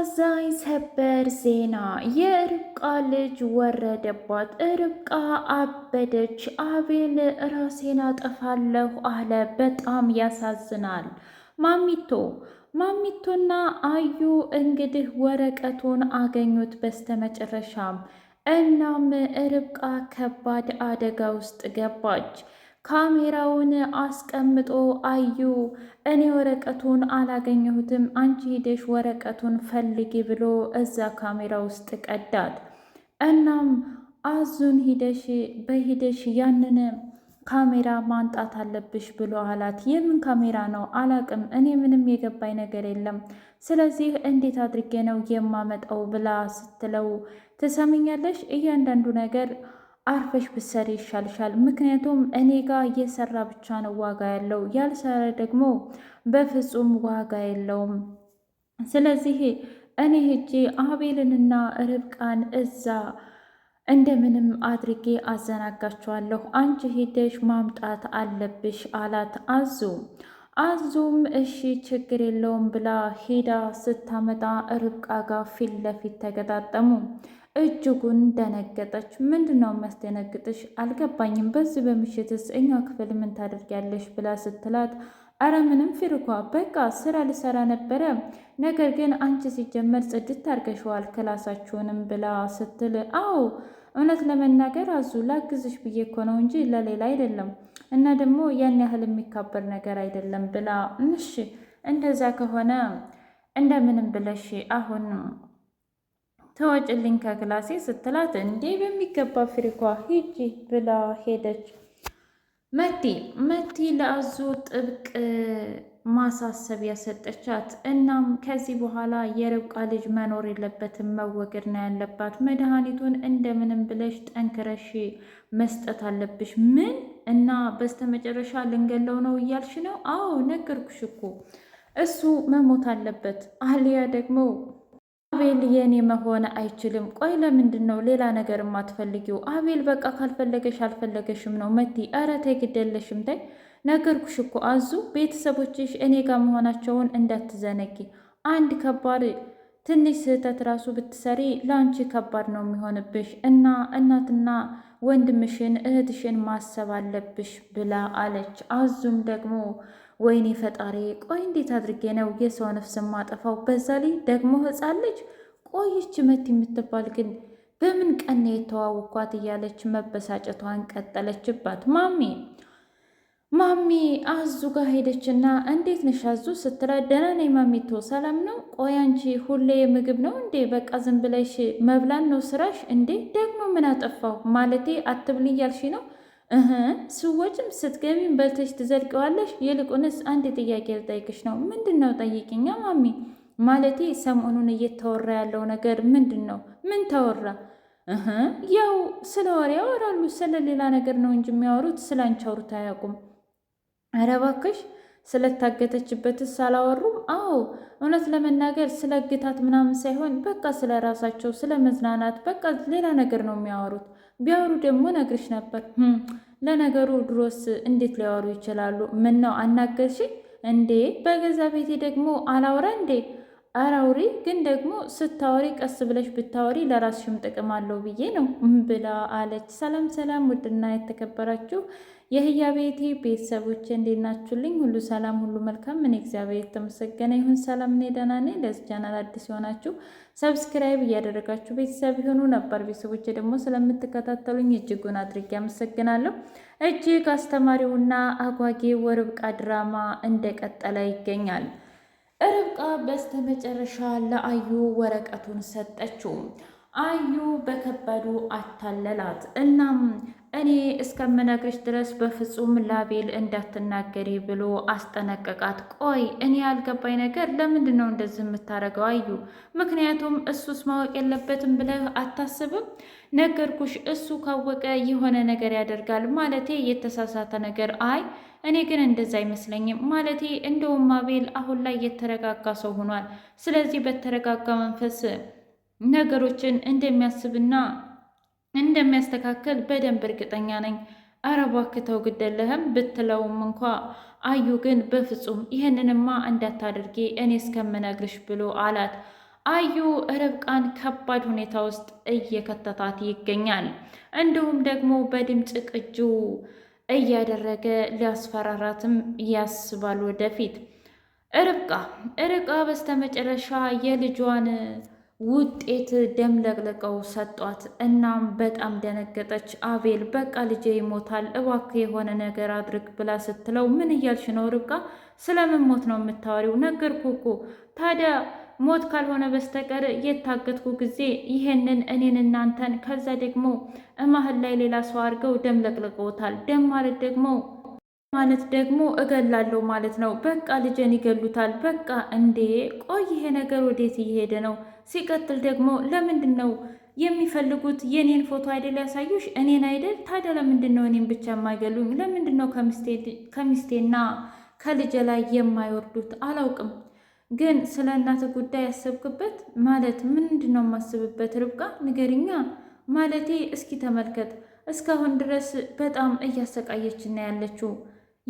አሳዛኝ ሰበር ዜና የርብቃ ልጅ ወረደባት። ርብቃ አበደች። አቤል ራሴን አጠፋለሁ አለ። በጣም ያሳዝናል። ማሚቶ ማሚቶና አዩ እንግዲህ ወረቀቱን አገኙት በስተመጨረሻም። እናም ርብቃ ከባድ አደጋ ውስጥ ገባች። ካሜራውን አስቀምጦ አዩ። እኔ ወረቀቱን አላገኘሁትም፣ አንቺ ሂደሽ ወረቀቱን ፈልጊ ብሎ እዛ ካሜራ ውስጥ ቀዳት። እናም አዙን ሂደሽ በሂደሽ ያንን ካሜራ ማንጣት አለብሽ ብሎ አላት። የምን ካሜራ ነው አላቅም፣ እኔ ምንም የገባኝ ነገር የለም። ስለዚህ እንዴት አድርጌ ነው የማመጣው ብላ ስትለው፣ ትሰምኛለሽ እያንዳንዱ ነገር አርፈሽ ብሰሪ ይሻልሻል። ምክንያቱም እኔ ጋር እየሰራ ብቻ ነው ዋጋ ያለው፣ ያልሰራ ደግሞ በፍጹም ዋጋ የለውም። ስለዚህ እኔ ሄጄ አቤልንና ርብቃን እዛ እንደምንም አድርጌ አዘናጋቸዋለሁ አንቺ ሂደሽ ማምጣት አለብሽ አላት አዙ አዙም እሺ ችግር የለውም ብላ ሄዳ ስታመጣ ርብቃ ጋር ፊት ለፊት ተገጣጠሙ። እጅጉን ደነገጠች። ምንድን ነው የሚያስደነግጥሽ? አልገባኝም። በዚህ በምሽትስ እኛ ክፍል ምን ታደርጊያለሽ? ብላ ስትላት አረ ምንም ፊርኳ፣ በቃ ስራ ልሰራ ነበረ። ነገር ግን አንቺ ሲጀመር ጽድት ታርገሸዋል ክላሳችሁንም ብላ ስትል አዎ እውነት ለመናገር አዙ ላግዝሽ ብዬ እኮ ነው እንጂ ለሌላ አይደለም እና ደግሞ ያን ያህል የሚካበር ነገር አይደለም ብላ ምሽ እንደዛ ከሆነ እንደምንም ብለሽ አሁን ተወጭልኝ ከክላሴ ስትላት እንዴ በሚገባ ፍሪኳ ሂጂ ብላ ሄደች። መቲ መቲ ለአዙ ጥብቅ ማሳሰብ ያሰጠቻት እናም ከዚህ በኋላ የርብቃ ልጅ መኖር የለበትም መወገድ ነው ያለባት። መድኃኒቱን እንደምንም ብለሽ ጠንክረሽ መስጠት አለብሽ ምን እና በስተመጨረሻ ልንገለው ነው እያልሽ ነው? አዎ ነገርኩሽ እኮ እሱ መሞት አለበት፣ አሊያ ደግሞ አቤል የኔ መሆን አይችልም። ቆይ ለምንድን ነው ሌላ ነገር የማትፈልጊው? አቤል በቃ ካልፈለገሽ አልፈለገሽም ነው መቲ። ኧረ ተይ ግደለሽም ተይ። ነገርኩሽ እኮ አዙ ቤተሰቦችሽ እኔ ጋር መሆናቸውን እንዳትዘነጊ አንድ ከባድ ትንሽ ስህተት ራሱ ብትሰሪ ለአንቺ ከባድ ነው የሚሆንብሽ እና እናትና ወንድምሽን እህትሽን ማሰብ አለብሽ ብላ አለች። አዙም ደግሞ ወይኔ ፈጣሪ፣ ቆይ እንዴት አድርጌ ነው የሰው ነፍስ ማጠፋው? በዛ ላይ ደግሞ ሕፃን ልጅ ቆይች መት የምትባል ግን በምን ቀን የተዋወኳት እያለች መበሳጨቷን ቀጠለችባት። ማሚ ማሚ አዙ ጋር ሄደችና እንዴት ነሽ አዙ ስትላት፣ ደህና ነኝ ማሚቶ፣ ሰላም ነው። ቆይ አንቺ ሁሌ ምግብ ነው እንዴ? በቃ ዝም ብለሽ መብላን ነው ስራሽ እንዴ? ደግሞ ምን አጠፋው? ማለቴ አትብል እያልሽ ነው? እህ ስወጭም ስትገቢም በልተሽ ትዘልቀዋለሽ። ይልቁንስ አንድ ጥያቄ ልጠይቅሽ ነው። ምንድን ነው? ጠይቅኛ ማሚ። ማለቴ ሰሞኑን እየተወራ ያለው ነገር ምንድን ነው? ምን ተወራ? ያው ስለ ወሬ ያወራሉ፣ ስለ ሌላ ነገር ነው እንጂ የሚያወሩት ስለ አንቺ አውሩት አያውቁም። ኧረ እባክሽ ስለታገተችበትስ አላወሩም? አዎ እውነት ለመናገር ስለ ግታት ምናምን ሳይሆን በቃ ስለ ራሳቸው ስለ መዝናናት በቃ ሌላ ነገር ነው የሚያወሩት። ቢያወሩ ደግሞ ነግርሽ ነበር። ለነገሩ ድሮስ እንዴት ሊያወሩ ይችላሉ? ምን ነው አናገርሽ እንዴ? በገዛ ቤቴ ደግሞ አላውራ እንዴ? አራውሪ ግን ደግሞ ስታወሪ ቀስ ብለሽ ብታወሪ ለራስሽም ጥቅም አለው ብዬ ነው ብላ አለች። ሰላም ሰላም! ውድና የተከበራችሁ የህያ ቤቴ ቤተሰቦች እንዴት ናችሁልኝ? ሁሉ ሰላም፣ ሁሉ መልካም። ምን እግዚአብሔር የተመሰገነ ይሁን። ሰላም፣ እኔ ደህና ነኝ። ለዚህ ቻናል አዲስ የሆናችሁ ሰብስክራይብ እያደረጋችሁ ቤተሰብ የሆኑ ነባር ቤተሰቦች ደግሞ ስለምትከታተሉኝ እጅጉን አድርጌ አመሰግናለሁ። እጅግ አስተማሪውና አጓጌ ወርብቃ ድራማ እንደቀጠለ ይገኛል። ርብቃ በስተመጨረሻ ለአዩ ወረቀቱን ሰጠችው። አዩ በከባዱ አታለላት። እናም እኔ እስከምነግርሽ ድረስ በፍጹም ላቤል እንዳትናገሪ ብሎ አስጠነቀቃት። ቆይ እኔ ያልገባኝ ነገር ለምንድን ነው እንደዚህ የምታደርገው? አዩ ምክንያቱም እሱስ ማወቅ የለበትም ብለህ አታስብም? ነገርኩሽ፣ እሱ ካወቀ የሆነ ነገር ያደርጋል። ማለቴ የተሳሳተ ነገር። አይ እኔ ግን እንደዛ አይመስለኝም። ማለቴ እንደውም አቤል አሁን ላይ የተረጋጋ ሰው ሆኗል። ስለዚህ በተረጋጋ መንፈስ ነገሮችን እንደሚያስብና እንደሚያስተካከል በደንብ እርግጠኛ ነኝ። ኧረ እባክህ ተው ግደለህም ብትለውም እንኳ አዩ ግን በፍጹም ይህንንማ እንዳታደርጊ እኔ እስከምነግርሽ ብሎ አላት። አዩ ርብቃን ከባድ ሁኔታ ውስጥ እየከተታት ይገኛል። እንዲሁም ደግሞ በድምፅ ቅጁ እያደረገ ሊያስፈራራትም ያስባል። ወደፊት ርብቃ ርብቃ በስተመጨረሻ የልጇን ውጤት ደምለቅለቀው ሰጧት። እናም በጣም ደነገጠች። አቤል በቃ ልጄ ይሞታል፣ እባክህ የሆነ ነገር አድርግ ብላ ስትለው ምን እያልሽ ነው ርብቃ? ስለምን ሞት ነው የምታወሪው? ነገርኩህ እኮ ታዲያ ሞት ካልሆነ በስተቀር የታገትኩ ጊዜ ይሄንን እኔን እናንተን ከዛ ደግሞ እማህል ላይ ሌላ ሰው አድርገው ደም ለቅልቀውታል። ደም ማለት ደግሞ ማለት ደግሞ እገላለሁ ማለት ነው። በቃ ልጄን ይገሉታል። በቃ እንዴ ቆይ ይሄ ነገር ወዴት እየሄደ ነው? ሲቀጥል ደግሞ ለምንድን ነው የሚፈልጉት? የኔን ፎቶ አይደል ያሳዩሽ? እኔን አይደል? ታዲያ ለምንድን ነው እኔን ብቻ የማይገሉኝ? ለምንድን ነው ከሚስቴና ከልጄ ላይ የማይወርዱት? አላውቅም። ግን ስለ እናት ጉዳይ ያሰብክበት ማለት ምንድን ነው? የማስብበት ርብቃ ንገሪኛ። ማለቴ እስኪ ተመልከት፣ እስካሁን ድረስ በጣም እያሰቃየችን ያለችው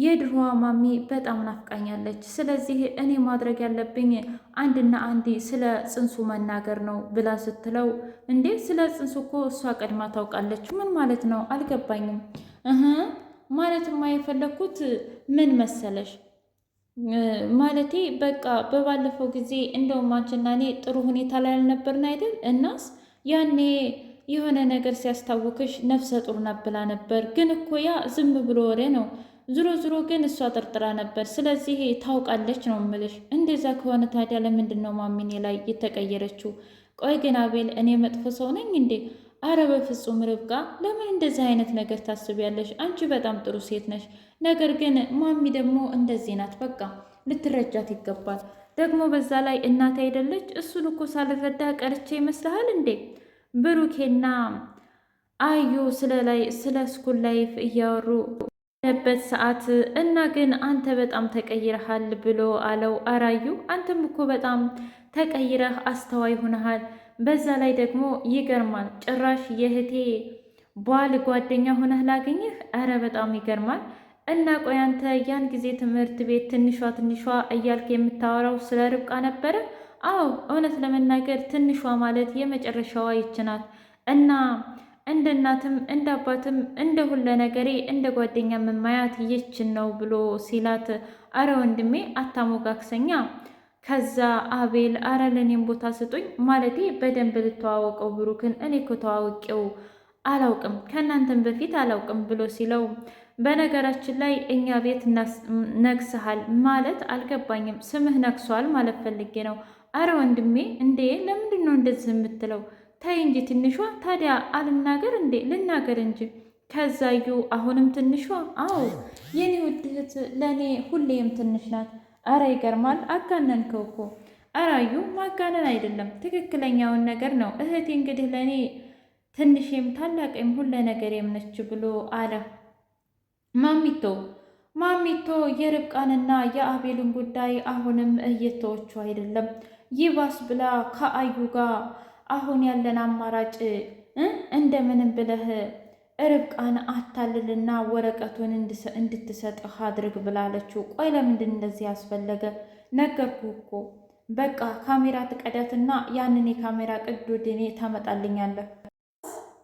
የድሮዋ ማሚ በጣም ናፍቃኛለች። ስለዚህ እኔ ማድረግ ያለብኝ አንድና አንድ ስለ ጽንሱ መናገር ነው ብላ ስትለው፣ እንዴ ስለ ጽንሱ እኮ እሷ ቀድማ ታውቃለች። ምን ማለት ነው አልገባኝም። ማለት ማለትማ የፈለግኩት ምን መሰለሽ ማለቴ በቃ በባለፈው ጊዜ እንደውም አንቺና እኔ ጥሩ ሁኔታ ላይ አልነበርን አይደል? እናስ ያኔ የሆነ ነገር ሲያስታውክሽ ነፍሰ ጡር ነብላ ብላ ነበር። ግን እኮ ያ ዝም ብሎ ወሬ ነው ዝሮ ዝሮ ግን እሷ ጥርጥራ ነበር። ስለዚህ ታውቃለች ነው ምልሽ። እንደዛ ከሆነ ታዲያ ለምንድን ነው ማሚኔ ላይ የተቀየረችው? ቆይ ግን አቤል፣ እኔ መጥፎ ሰው ነኝ እንዴ? አረ በፍጹም ርብቃ፣ ለምን እንደዚህ አይነት ነገር ታስቢያለሽ? አንቺ በጣም ጥሩ ሴት ነሽ። ነገር ግን ማሚ ደግሞ እንደዚህ ናት። በቃ ልትረጃት ይገባል። ደግሞ በዛ ላይ እናት አይደለች። እሱን እኮ ሳልረዳ ቀርቼ ይመስልሃል እንዴ? ብሩኬና አዩ ስለ ላይ ስለ ስኩል ላይፍ እያወሩ ያለበት ሰዓት እና ግን አንተ በጣም ተቀይረሃል ብሎ አለው። አራዩ አንተም እኮ በጣም ተቀይረህ አስተዋይ ሆነሃል። በዛ ላይ ደግሞ ይገርማል፣ ጭራሽ የእህቴ ባል ጓደኛ ሆነህ ላገኘህ። ኧረ በጣም ይገርማል። እና ቆይ አንተ ያን ጊዜ ትምህርት ቤት ትንሿ ትንሿ እያልክ የምታወራው ስለ ርብቃ ነበረ? አዎ እውነት ለመናገር ትንሿ ማለት የመጨረሻዋ ይችናት እና እንደ እናትም እንደ አባትም እንደ ሁለ ነገሬ እንደ ጓደኛ መማያት ይችን ነው ብሎ ሲላት፣ አረ ወንድሜ አታሞጋክሰኛ። ከዛ አቤል አረ ለእኔም ቦታ ስጡኝ ማለቴ በደንብ ልተዋወቀው ብሩክን እኔ እኮ ተዋውቄው አላውቅም ከእናንተም በፊት አላውቅም ብሎ ሲለው፣ በነገራችን ላይ እኛ ቤት ነግስሃል ማለት አልገባኝም። ስምህ ነግሷል ማለት ፈልጌ ነው። አረ ወንድሜ እንዴ ለምንድን ነው እንደዚህ የምትለው? ተይ እንጂ ትንሿ ታዲያ አልናገር እንዴ? ልናገር እንጂ ከዛዩ አሁንም ትንሿ አዎ፣ የኔ ውድህት ለእኔ ሁሌም ትንሽ ናት። አረ ይገርማል፣ አጋነንከው እኮ። አራዩ ማጋነን አይደለም ትክክለኛውን ነገር ነው። እህቴ እንግዲህ ለእኔ ትንሽም ታላቅም ሁለ ነገሬም ነች ብሎ አለ ማሚቶ። ማሚቶ የርብቃንና የአቤልን ጉዳይ አሁንም እየተወቹ አይደለም። ይባስ ብላ ከአዩ ጋር አሁን ያለን አማራጭ እንደምንም ብለህ ርብቃን አታልልና ወረቀቱን እንድትሰጥህ አድርግ ብላለችው። ቆይ ለምንድን እንደዚህ ያስፈለገ? ነገርኩ እኮ በቃ ካሜራ ትቀዳትና ያንን የካሜራ ቅድ ወደ እኔ ታመጣልኛለህ።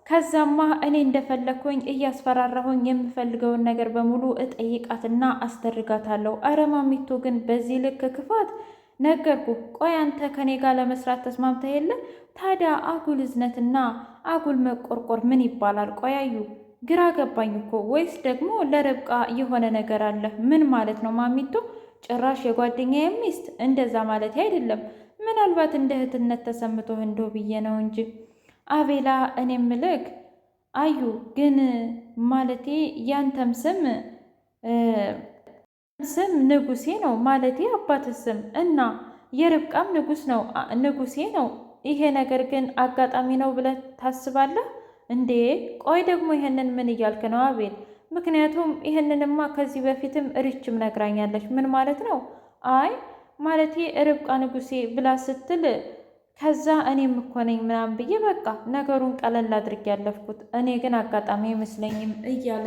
ከዛማ እኔ እንደፈለግኩኝ እያስፈራራሁኝ የምፈልገውን ነገር በሙሉ እጠይቃትና አስደርጋታለሁ። አረ ግን በዚህ ልክ ክፋት ነገርኩ። ቆይ አንተ ከኔ ጋር ለመስራት ተስማምተ የለ ታዲያ አጉል እዝነትና አጉል መቆርቆር ምን ይባላል? ቆያዩ ግራ ገባኝ እኮ። ወይስ ደግሞ ለርብቃ የሆነ ነገር አለ? ምን ማለት ነው ማሚቱ? ጭራሽ የጓደኛ ሚስት እንደዛ ማለት አይደለም። ምናልባት እንደ እህትነት ተሰምቶ እንዶ ብዬ ነው እንጂ አቤላ። እኔ ምልክ አዩ ግን ማለቴ ያንተም ስም ስም ንጉሴ ነው ማለቴ አባት ስም እና የርብቃም ንጉስ ነው ንጉሴ ነው ይሄ ነገር ግን አጋጣሚ ነው ብለህ ታስባለህ እንዴ? ቆይ ደግሞ ይሄንን ምን እያልክ ነው አቤል? ምክንያቱም ይሄንንማ ከዚህ በፊትም እርችም ነግራኛለች። ምን ማለት ነው? አይ ማለቴ ርብቃ ንጉሴ ብላ ስትል ከዛ እኔም እኮ ነኝ ምናምን ብዬ በቃ ነገሩን ቀለል አድርጌ ያለፍኩት እኔ ግን አጋጣሚ አይመስለኝም እያለ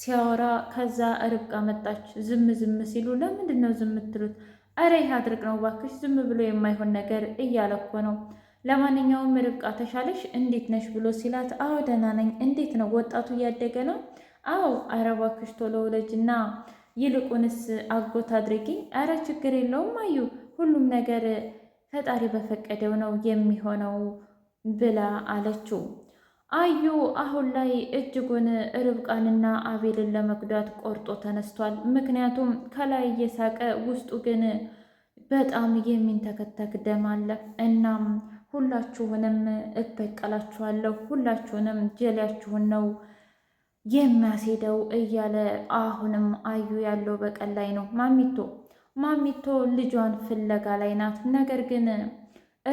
ሲያወራ ከዛ ርብቃ መጣች። ዝም ዝም ሲሉ ለምንድን ነው ዝም ትሉት? እረ ይህ አድርግ ነው ባክሽ፣ ዝም ብሎ የማይሆን ነገር እያለ እኮ ነው። ለማንኛውም ርብቃ ተሻለሽ እንዴት ነሽ ብሎ ሲላት፣ አዎ ደህና ነኝ። እንዴት ነው ወጣቱ እያደገ ነው? አዎ ኧረ እባክሽ ቶሎ ውለጅና ይልቁንስ አጎት አድርጊ። አረ ችግር የለውም አዩ፣ ሁሉም ነገር ፈጣሪ በፈቀደው ነው የሚሆነው ብላ አለችው። አዩ አሁን ላይ እጅጉን ርብቃንና አቤልን ለመጉዳት ቆርጦ ተነስቷል። ምክንያቱም ከላይ እየሳቀ ውስጡ ግን በጣም የሚንተከተክ ደም አለ። እናም ሁላችሁንም እበቀላችኋለሁ፣ ሁላችሁንም ጀሊያችሁን ነው የሚያስሄደው እያለ አሁንም አዩ ያለው በቀል ላይ ነው። ማሚቶ ማሚቶ ልጇን ፍለጋ ላይ ናት። ነገር ግን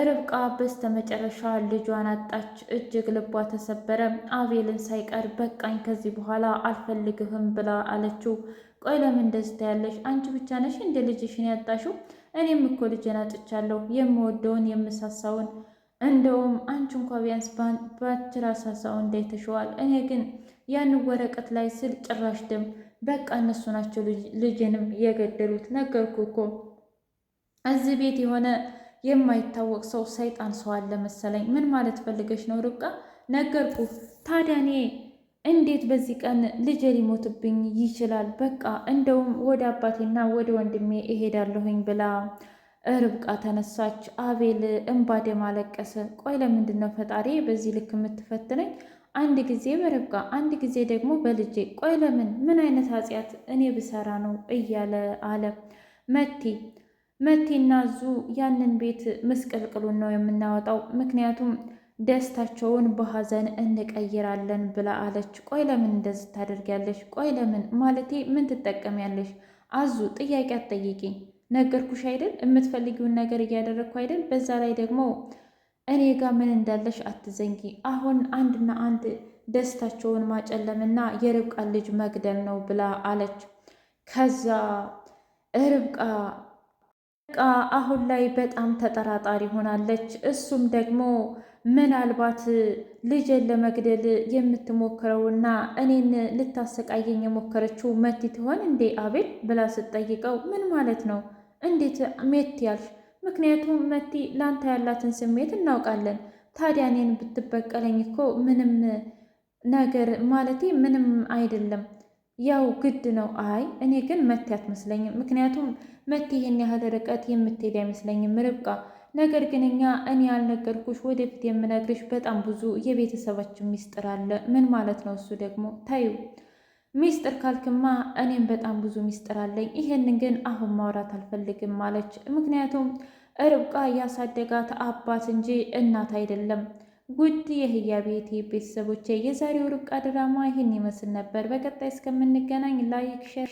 ርብቃ በስተመጨረሻ ልጇን አጣች። እጅግ ልቧ ተሰበረ። አቤልን ሳይቀር በቃኝ፣ ከዚህ በኋላ አልፈልግህም ብላ አለችው። ቆይ ለምን እንደዚህ ታያለሽ? አንቺ ብቻ ነሽ እንደ ልጅሽን ያጣሽው? እኔም እኮ ልጄን አጥቻለሁ፣ የምወደውን የምሳሳውን። እንደውም አንቺ እንኳ ቢያንስ ባችር አሳሳው እንዳይተሸዋል። እኔ ግን ያን ወረቀት ላይ ስል ጭራሽ ደም በቃ እነሱ ናቸው ልጅንም የገደሉት። ነገርኩ እኮ እዚህ ቤት የሆነ የማይታወቅ ሰው ሰይጣን ሰው አለ መሰለኝ። ምን ማለት ፈልገሽ ነው ርብቃ? ነገርኩ። ታዲያ እኔ እንዴት በዚህ ቀን ልጀ ሊሞትብኝ ይችላል? በቃ እንደውም ወደ አባቴና ወደ ወንድሜ እሄዳለሁኝ ብላ ርብቃ ተነሳች። አቤል እንባ ደም አለቀሰ። ቆይ ለምንድን ነው ፈጣሪ በዚህ ልክ የምትፈትነኝ? አንድ ጊዜ በርብቃ አንድ ጊዜ ደግሞ በልጄ። ቆይ ለምን? ምን አይነት ኃጢአት እኔ ብሰራ ነው እያለ አለ መቲ መቴና ዙ ያንን ቤት ምስቅልቅሉን ነው የምናወጣው፣ ምክንያቱም ደስታቸውን በሀዘን እንቀይራለን ብላ አለች። ቆይ ለምን እንደዚህ ታደርጊያለሽ? ቆይ ለምን ማለቴ ምን ትጠቀሚያለሽ? አዙ ጥያቄ አትጠይቂኝ። ነገርኩሽ አይደል? የምትፈልጊውን ነገር እያደረግኩ አይደል? በዛ ላይ ደግሞ እኔ ጋር ምን እንዳለሽ አትዘንጊ። አሁን አንድና አንድ ደስታቸውን ማጨለምና የርብቃ ልጅ መግደል ነው ብላ አለች። ከዛ ርብቃ ቃ አሁን ላይ በጣም ተጠራጣሪ ሆናለች። እሱም ደግሞ ምናልባት ልጄን ለመግደል የምትሞክረውና እኔን ልታሰቃየኝ የሞከረችው መቲ ትሆን እንዴ አቤል ብላ ስትጠይቀው ምን ማለት ነው? እንዴት ሜት ያልሽ? ምክንያቱም መቲ ላንተ ያላትን ስሜት እናውቃለን። ታዲያ እኔን ብትበቀለኝ እኮ ምንም ነገር ማለቴ ምንም አይደለም ያው ግድ ነው። አይ እኔ ግን መቴ አትመስለኝም። ምክንያቱም መቴ ይህን ያህል ርቀት የምትሄድ አይመስለኝም ርብቃ። ነገር ግን እኛ እኔ ያልነገርኩሽ ወደፊት የምነግርሽ በጣም ብዙ የቤተሰባችን ሚስጥር አለ። ምን ማለት ነው? እሱ ደግሞ ታዩ ሚስጥር ካልክማ እኔም በጣም ብዙ ሚስጥር አለኝ። ይሄንን ግን አሁን ማውራት አልፈልግም አለች። ምክንያቱም ርብቃ ያሳደጋት አባት እንጂ እናት አይደለም። ውድ የህያ ቤቴ ቤተሰቦቼ የዛሬው ሩቅ ድራማ ይህን ይመስል ነበር። በቀጣይ እስከምንገናኝ ላይክ ሸር